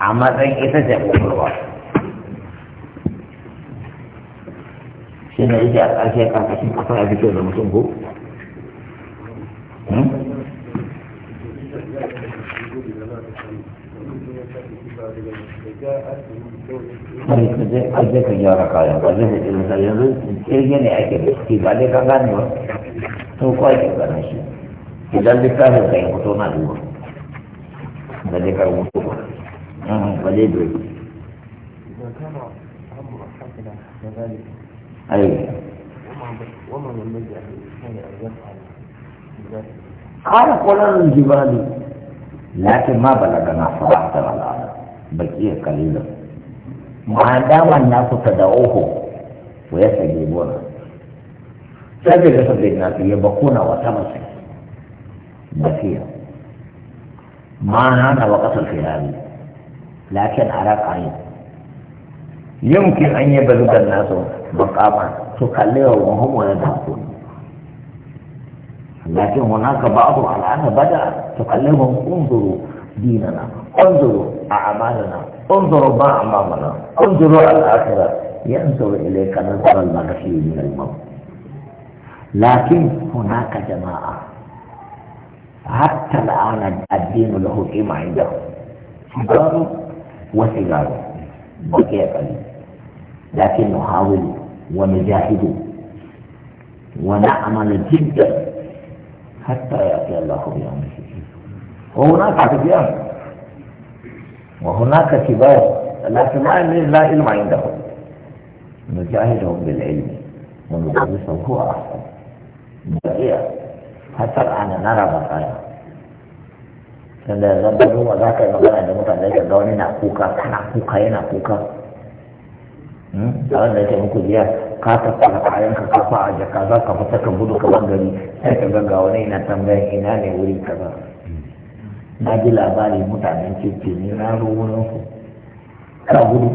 a matsayin ita ce kwakwalwa shi ne yake a ƙarshe ƙarƙashin da mutum ko hmm? ka gyara kayan ba zai fi yanzu jirgin ne ake da shi ba dai ka ba to ko ake shi idan ka yi na duba da dai وليد إذا كان أمر حسنا كذلك أي وما من مجد أن يفعل قال قلنا الجبال لكن ما بلغنا صراحة الأرض بقي قليلا ما دام الناس تدعوه ويستجيبونه سبب لسبب الناس يبكون وتمسك بصيرا ما هذا وقت الخلال لكن على قليل يمكن أن يبلغ الناس مقاما تكليه وهم ويذهبون لكن هناك بعض الآن بدأ تكلمهم انظروا ديننا انظروا أعمالنا انظروا ما أمامنا انظروا الآخرة ينظر إليك نظر المغفي من الموت لكن هناك جماعة حتى الآن الدين له قيمة عندهم وسجارة بقي قليل لكن نحاول ونجاهد ونعمل جدا حتى يأتي الله الشيخ وهناك عصيان وهناك كبار لكن لا علم عندهم نجاهدهم بالعلم وندرسه هو أحسن بقية حتى الآن نرى بقايا tunda zan ba duba za ka yi magana da mutane ka ga wani na kuka kana kuka yana kuka hmm? a wanda yake muku jiya ka tattara kayan ka kafa a jaka za ka fita ka gudu ka gari sai ka ga wani yana tambayan ina ne wuri ba na ji labari mutanen kirki ne na ruwunan ku ka gudu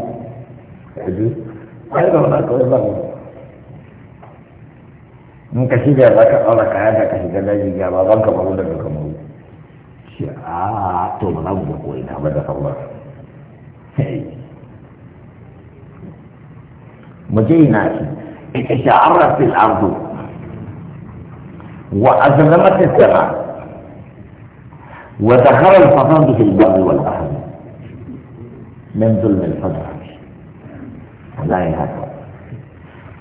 ka ji ai ba wani kawai ba gudu in ka shiga za ka tsara kayan ka shiga daji ga ban ka ba gudu da kuma a to ba za mu ga ko ina ba da sauran mu je ina shi ita sha'arra fil ardu wa azlamat as-sama wa dakhara al-fasad fil barri wal bahr min zulm al-fajr wallahi haka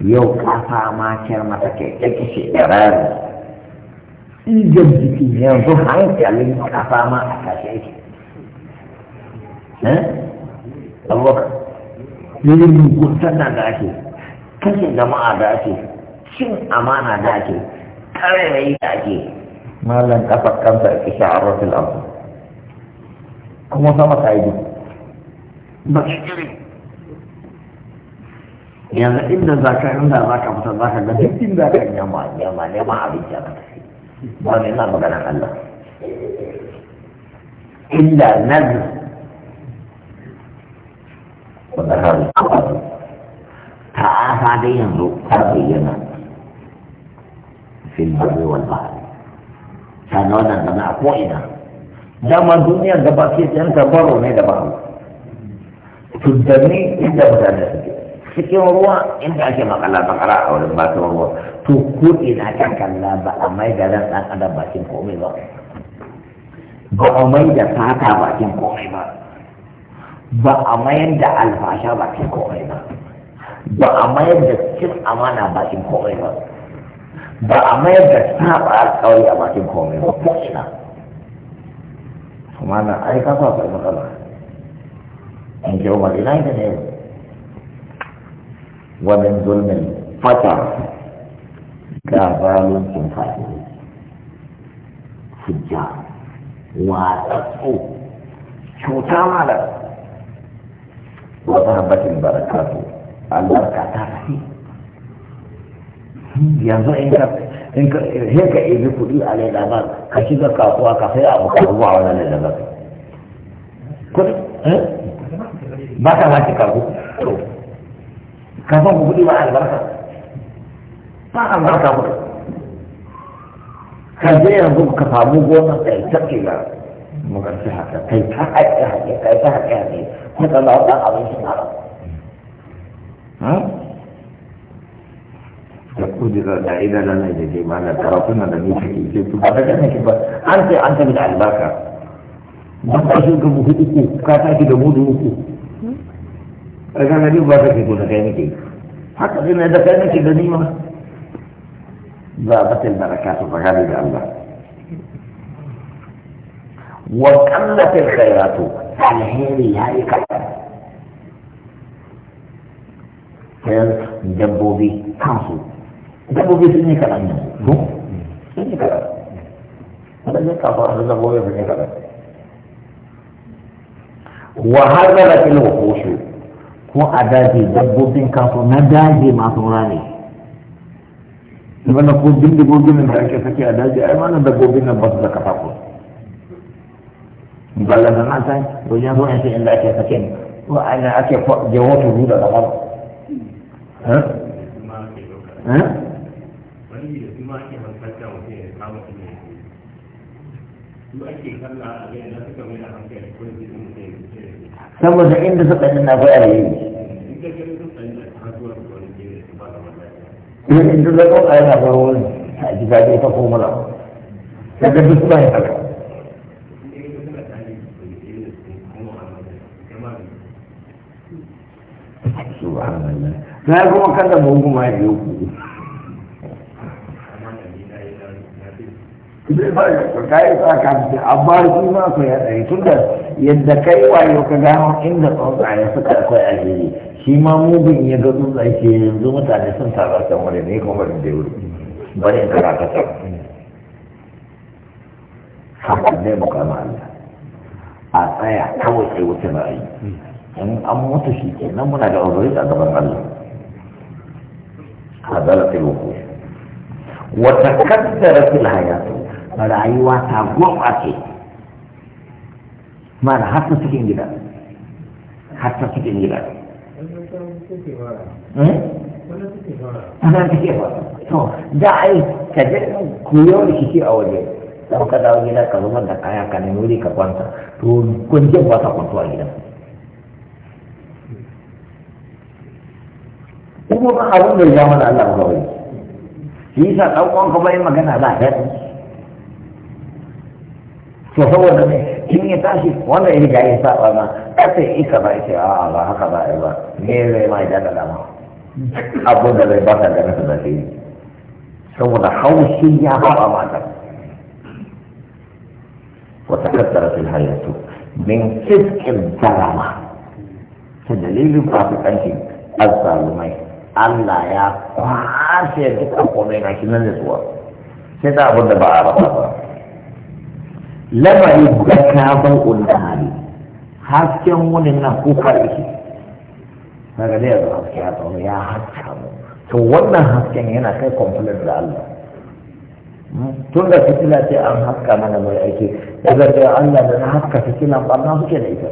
yau kafa ma kyar mata ke kike shi da rari tsigar jiki yanzu hankalin kafa ma a kashe yake eh? abubakar yin muguntar da da ake kashe jama'a da ake cin amana da ake karairayi da ake malam kafa kansa a kisha a rafil abu kuma sama ta yi ba shi yanzu inda za ka inda za ka fita za ka ga duk inda ka nema nema nema abinci a ba ne na maganar Allah illa nazar wanda ta ta'afa dai yanzu ta bayyana fil barri wal bahr ta ga wannan gana a ko'ina dama duniyar gaba ke ta baro ne da bahu tuddanni inda mutane suke cikin ruwa inda ake makala bakara a wurin bakin ruwa to ko ina kan kalla ba a mai da ran dan adam bakin komai ba ba a mai da fata bakin komai ba ba a mayar da alfasha bakin komai ba ba a mayar da cin amana bakin komai ba ba a mayar da saba alkawari a bakin komai ba ko ina kuma na ai ka fa matsala in ji umar ina ita ne ومن ظلم الفتى كظالم كفاته فجار واتقوا شوتا على وذهبت البركات البركة ترحي yanzu in ka in ka sai ka ebi kuɗi a lalabar ka shiga kasuwa ka sai abu ka zuwa wani lalabar kuɗi ba ka za ki karbu kafin ku kuɗi ba albarka ba albarka ba ka je yanzu ka samu gona kai ta ƙila mugarci haka kai ta haƙe haƙe kai ta haƙe haƙe ko ta na wata abincin haram da kudura da ina da nan da ke ba na karatu na da ni ke ke ba da kan ba an sai an tabi da albarka ba ka shi ga buhu uku ka tashi da mudu uku أنا إذا نبي مبارك يكون كامتي حتى إن إذا كانت غنيمة ضابت البركات فغالي الله وكلت الخيرات فالحين يائكا خير جنبو بي خمسو جنبو بي سنة كلام نبو سنة كلام هذا جنبو بي سنة كلام وحررت الوحوش ko a daji dabbobin kaso na daji masu rane wannan ko bindigogin da ake sake a daji ai wannan dabbobin nan ba su da katako balla da nan san wajen zuwa shi inda ake sake ne ko ana ake jawo turu da kamar ake kalla a ga yadda suka mai da hankali ko da saboda inda suka yi na bayar yi ne inda zaka a yana faruwar a ji daɗi ta koma da daga duk ba haka na kuma kada mu kuma ya yi ku ba ya kai sa amma shi ma ko ya dai tunda yadda kai wayo ka gano inda tsuntsaye suka akwai ajiye shi ma mugun ya ga tsuntsaye ke yanzu mutane sun taru kan wani ne kuma da wuri bari in kara ka sa hakan ne mu kama Allah a tsaya kawai sai wuce ayi in an mutu shi ke nan muna da uzuri a gaban Allah a zalafi wuku wata kaddara al hayatu rayuwa ta gwamnati mana har ta cikin gida har ta cikin gida anan take ba to da ai ka je ku yau da kike a waje dan ka dawo gida ka zama da kaya ka nemi wuri ka kwanta to kun ba ta kwanto a gidan kuma ba abin da ya mana Allah ba kawai shi yasa dan uwan ka bai magana ba daɗi to saboda ne in ya tashi wannan iri ya saba ma kace ika ba ce a ah, ba haka ba ba ne zai ma idan da ma abun da zai baka da nasa da shi saboda haushi ya saba mata wata kaddara fil hayatu min fiskin darama ta dalilin fasikancin azzalumai Allah ya kwashe duka komai na shi nan da zuwa sai da abun da ba a raba ba lamari da kafin ulhari hasken wani na kuka yake daga da yanzu haske ya tsaro ya haska mu to wannan hasken yana kai kwamfulan da Allah hmm? tun da fitila ce an haska mana mai aiki daga da Allah da na haska fitila ɓarna suke da ita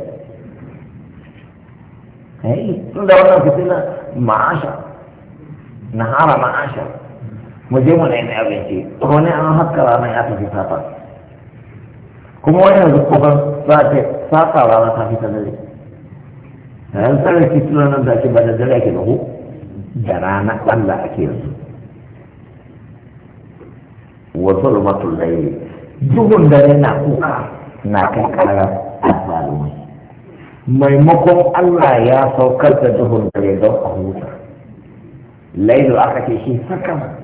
eh, tun da wannan fitila ma'asha na hara ma'asha mu je mu na yin abinci to an haska ranar ya tafi safa kuma wani yanzu kuma za a ce saka rana ta fi ta dare a yan tsara ki suna nan da ake ba da dare ake bahu da rana Allah ake yanzu wa zulmatul layli duhun dare na kuka na kai kara azzalumai maimakon Allah ya saukar da duhun dare don a huta lailu aka ce shi sakama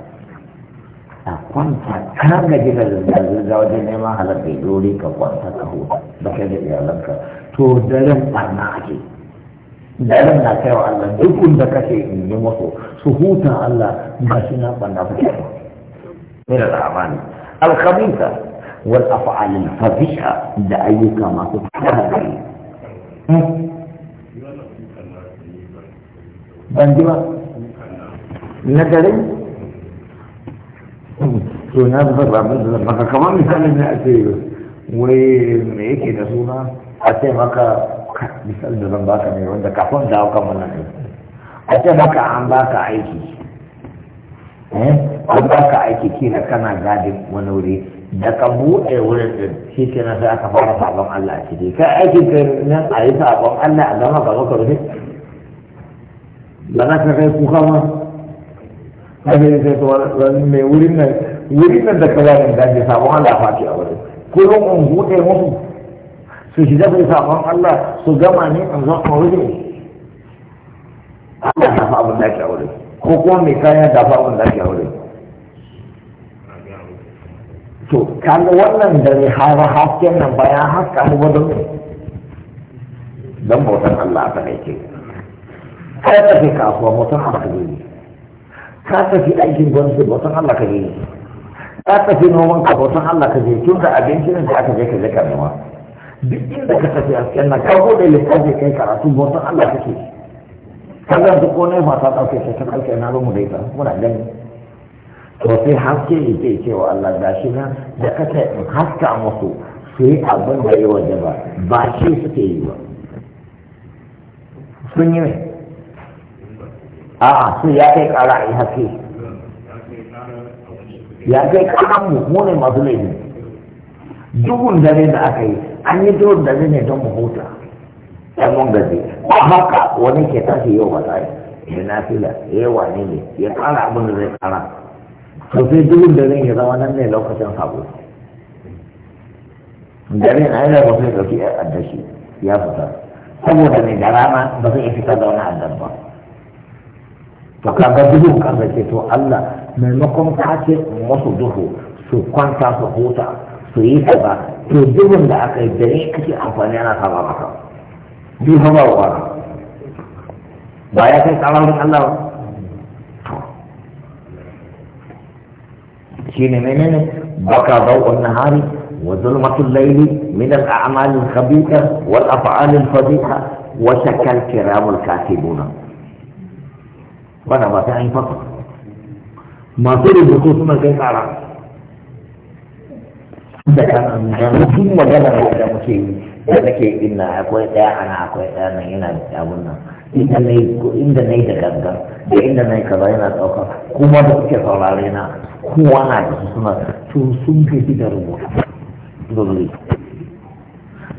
a kwanta ka gaji da zirga-zirga wajen neman halar da dori ka kwanta ka huta da kai da iyalanka to daren barna ake daren na kai wa Allah dukkan da kake in yi musu su huta Allah ba shi na barna ku ce min al-amani al wal af'al al-fadhiha da ayyuka masu tsari hmm? ban ji ba na garin to na zuba ba mu da maka kamar misalin ne a ce wai me yake da suna a ce maka misal da zan baka ne wanda kafin da aka mana ne a ce maka an baka aiki eh? an baka aiki kila kana gadi wani wuri da ka buɗe wurin da shi ke na sai aka fara sabon Allah a ciki kai aiki kai nan a yi sabon Allah a zama ka maka rufe ba za ka kai kuka ma kai sai wani mai wurin nan wurin nan da kawarin da ke sabon Allah fati a wurin kullum in bude musu su shiga bai sabon Allah su gama ne in zo a wurin Allah na fa abin da ke a wurin ko kuma mai kayan da fa abin da ke wurin to kan wannan da ne har hasken nan bayan haska mu ba don don bautan Allah ta ne ke ka tafi kasuwa mutum a ka tafi aikin gwamnati bautan Allah ka yi ka tafi noman ka hoton Allah ka je tun da ne da aka je ka je ka nema duk inda ka tafi asken na ka bude littafi kai karatu hoton Allah kake ka zan duk wani ta kai, ta ta ɗauke na rumu dai ita muna gani to sai haske ya ce cewa Allah da shi na da ka in haska musu su yi abin da ya waje ba ba shi suke yi ba sun yi a'a sun ya kai ƙara a yi haske ya kai kaɗan mu mu ne masu laifi duhun dare da aka yi an yi duhun dare ne don mu huta ɗan mun gaji ba haka wani ke tashi yau ba tsaye ya na fila ya wane ne ya kara abin da zai kara to sai duhun dare ya zama nan ne lokacin sabo dare na yana ba sai ɗauki addashi ya fita saboda ne da rana ba zai fita da wani addar ba to kaga dubu kansa ce to Allah mai makon ka ce musu dubu su kwanta su huta su yi kaza to dubun da aka yi da dare kake amfani ana saba maka bi ba wa ba ya kai tsararin Allah ba shi ne menene baka zau'un nahari وظلمة الليل من الأعمال الخبيثة والأفعال الفضيحة وشكى الكرام الكاتبون bana ba sai an yi fasa masu rubutu suna kai tsara da kan rubutun magana da muke yi da nake inna akwai daya ana akwai daya nan yana da abun nan inda na yi inda na yi da gangan da inda na yi kaza yana ɗauka kuma da suke saurare na kowa na da su suna to sun fi da rubutu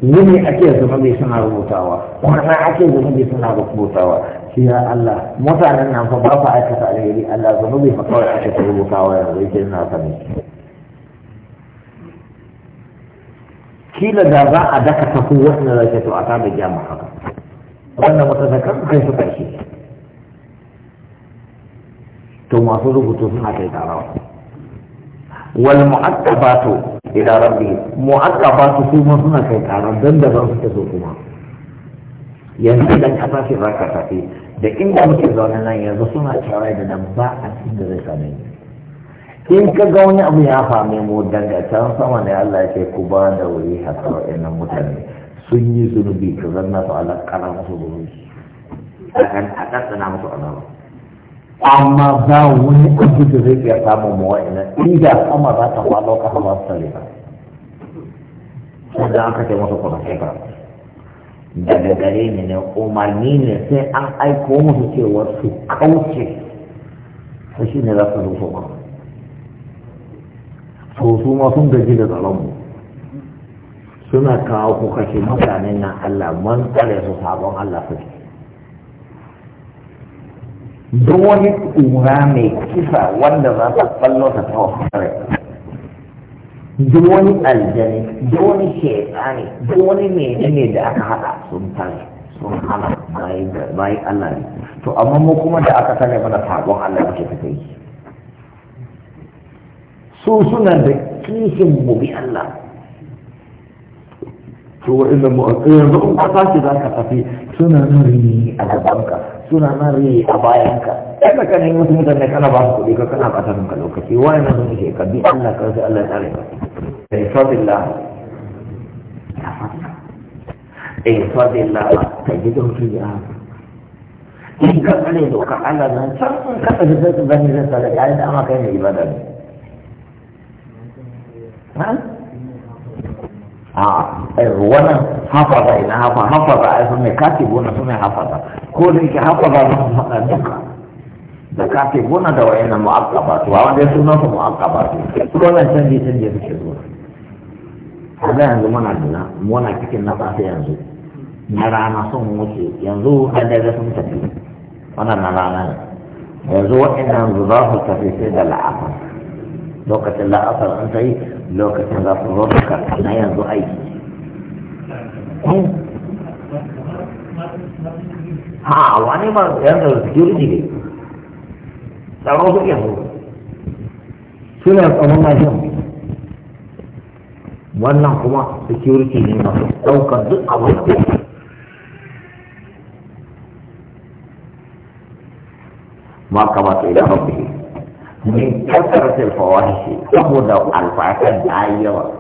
wani ake zama zunubi suna rubutawa na ake zama zunubi suna rubutawa ya Allah mutanen nan fa ba ku aikata alheri Allah zunubi fa kawai aka ta rubuta wa yanzu yake na sani kila da za a daka ta ku wannan zai to a ta da jama'a haka wannan kan kai su kashi to masu rubutu suna kai tarawa wal mu'aqqabatu ila rabbi mu'aqqabatu su ma suna kai tarawa dan da ba su ta so kuma yanzu idan ka tashi za ka tafi da inda muke zaune nan yanzu suna kewaye da nan ba a cikin da zai same ni in ka ga wani abu ya same mu daga can sama ne Allah ya ce ku ba da wuri haka wa'annan mutane sun yi zunubi ka zanna su ala kara musu zunubi a katsana musu azaba amma ba wani abu da zai iya samun mu wa'annan inda sama za ta faɗo kasa ba su tare ba. Sai da aka ce musu kuma sai ba. daga gare ni ne umarni ne sai an aiko musu cewa su kauce su shi ne za su zo su ba so su ma sun gaji da tsaronmu suna kawo ku kashe mutanen nan Allah man tsare su sabon Allah su duk wani ƙura mai kisa wanda za ta tsallo ta tawa duk wani aljani duk wani shekani duk wani menene da aka hada sun tare sun hana bayan Allah ne to amma mu kuma da aka sani mana sabon Allah muke ta kai su suna da kishin mu bi Allah to wa'inda mu yanzu in ka tashi za ka tafi suna nan rini a gabanka suna nan rini a bayanka sai ka kane musu mutane kana ba su kuɗi ka kana ba ta ranka lokaci wani na sun ishe ka Allah ka sai Allah ya tsare ka sai fadilla eh fadilla ka ji da hutu ya in ka tsare doka Allah nan san in ka tsare da zan zan tsare ya da amma kai ne ibada ne ha wannan hafaza ina hafa hafaza ai sun ne katibuna sun hafaza ko da yake hafaza sun duka da kafe gona da wayan na mu'aqqabatu wa wanda suna su mu'aqqabatu ko nan canje canje suke zuwa kaga yanzu muna na muna cikin na safe yanzu na rana sun wuce yanzu da daga sun tafi wannan na rana ne yanzu waɗannan su za su tafi sai da la'asar lokacin la'asar an ta yi lokacin za su zo na yanzu aiki ha wani ba yanzu security ne tsaro suke so suna tsaron mashin wannan kuma security ne masu ɗaukar duk abin da ma kamata ila rabbihi min kasratil fawahishi saboda alfashan da yawa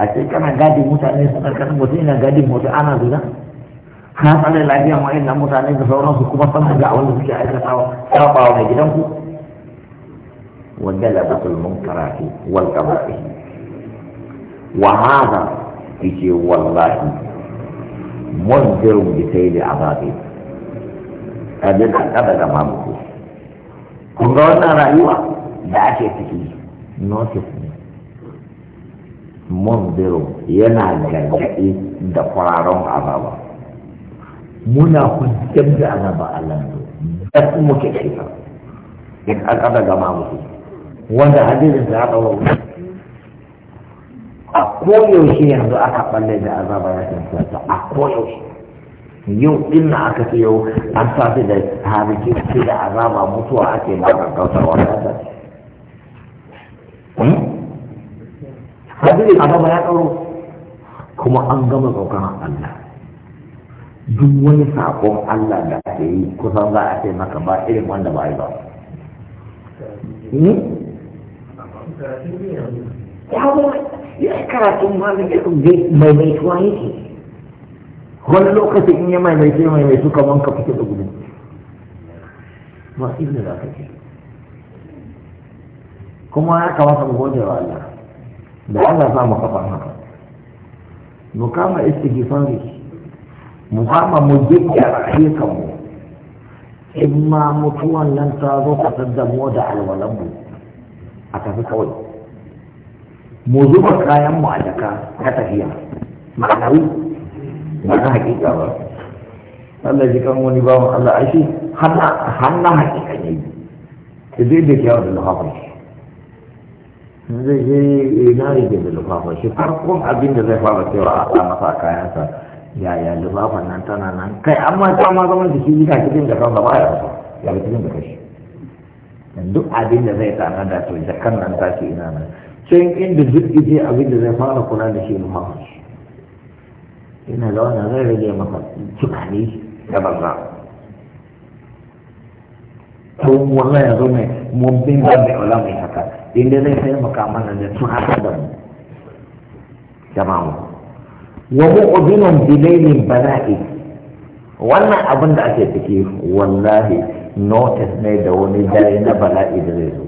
a ce kana gadi mutane su karkashin mutum yana gadi mutum ana zina ka tsare lafiyan wa'in nan mutane da sauransu kuma san ga abin da suke aikatawa sabawa mai gidanku وجلبة المنكرات والقبائح وهذا يجي والله منذر بسيل عذابه abin haɗaba da mamuku kun ga wannan rayuwa da ake ciki notice ne mundiru yana gargaɗi da kwararon azaba muna hujjar da azaba a lanzu da kuma ke in an ƙada gama musu wanda hadisin da aka wau a koyaushe yanzu aka balle da azaba ya tantanta a koyaushe yau din na aka ce yau an safe da hariki ce da azaba mutuwa ake ba ga kautar wata ta hmm? hadisin azaba ya ɗauro kuma an gama saukan Allah duk wani sakon Allah da ake yi kusan za a ce maka ba irin wanda ba yi ba hmm? kaga ya karatun malamin zai maimaituwa yake wani lokacin in ya mai maimaitu kamar ka fito da gudu masu ibn za ka ce kuma ya kamata mu gode wa Allah da Allah za mu kafa haka mu kama istighfari mu kama mu jikya ayyukan mu in ma mutuwan nan ta zo ka sadda mu da alwalan mu a tafi kawai mu zuba kayan mu a jaka ta tafiya ma'anawi ba na hakika ba Allah ji kan wani bawan Allah ashi hanna hakika ne ta zai da kyawun da lafafin shi zai je ina ne da lafafin shi farkon abin da zai fara cewa a sa masa kayansa yaya lafafin nan tana nan kai amma ta ma zaman jiki jika cikin da kan ba ya ba? ya cikin da kashi duk abin da zai tana da to kan nan ta ina nan in da duk ije abin da zai fara kula da shi ma ina da wannan zai rage maka tukani da banza to wallahi yanzu mai mun bin ba mai ola mai haka inda zai sai maka mana da haka da mu jama'a wa mu'minun bilailin bala'i wannan abin da ake fike wallahi notice ne da wani dare na bala'i da zai zo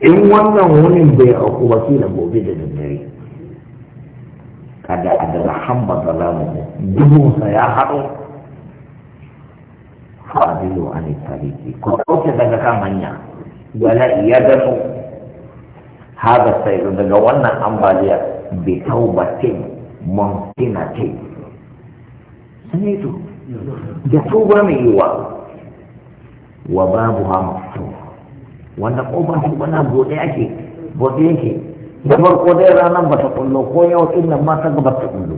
in wannan wunin bai auku ba na gobe da daddare kada a daga da rahamba zalamu dubunsa ya haɗo fa'adilu ne tariki ko ɗauke daga kan hanya bala'i ya gano haɗa sai daga wannan ambaliya bi taubatin mumkinatin sai to da tuba mai yiwa wa babu ha mafito wanda kofar tuba na bude ake bude yake da farko dai ranar ba ta kullo ko yau din nan ma ta gaba ta kullo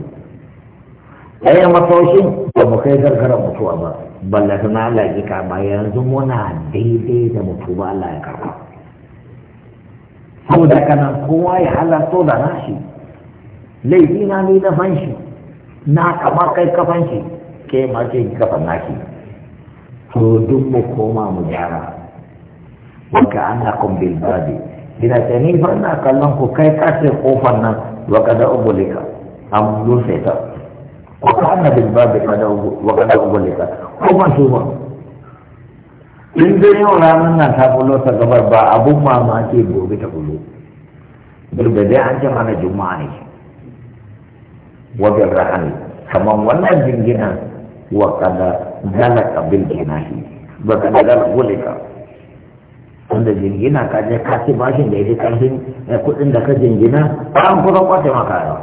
ɗaya masaushin ba mu kai gargara mutuwa ba balla na alaƙi ka ba yanzu muna daidai da mutuwa Allah ya Sau da kana kowa ya halarto da nashi laifina na na fanshi na kamar kai kafanshi ke ma ce kafan nashi. to duk mu koma mu gyara wa ka annakum bil babi ina ta ni fa na kallon ku kai ka ce kofar nan wa kada ubulika am rufe ta wa ka anna bil ka da wa kada ubulika ko ban tuba in dai yau ranar nan ta bullo ta gabar ba abun mamaki gobe ta bullo da dai an ce mana juma'a ne wa bil rahani kaman wannan jinginan وقد ذلك بالجناح وقد ذلك ولك wanda jingina ka je ka ci bashin da yake karfin eh, kudin da ka jingina Ba an kusan kwace maka yawa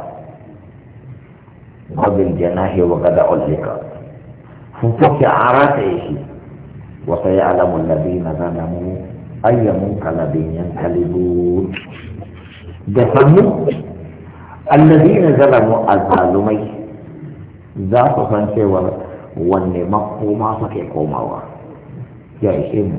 wabil janahi wa gada ulika sun fuke a rata shi wa sai alamun labi na zalamu ayyamun kalabin yan kalibu da sannu allazi na a azzalumai za su san cewar wanne makoma suke komawa ya ishe mu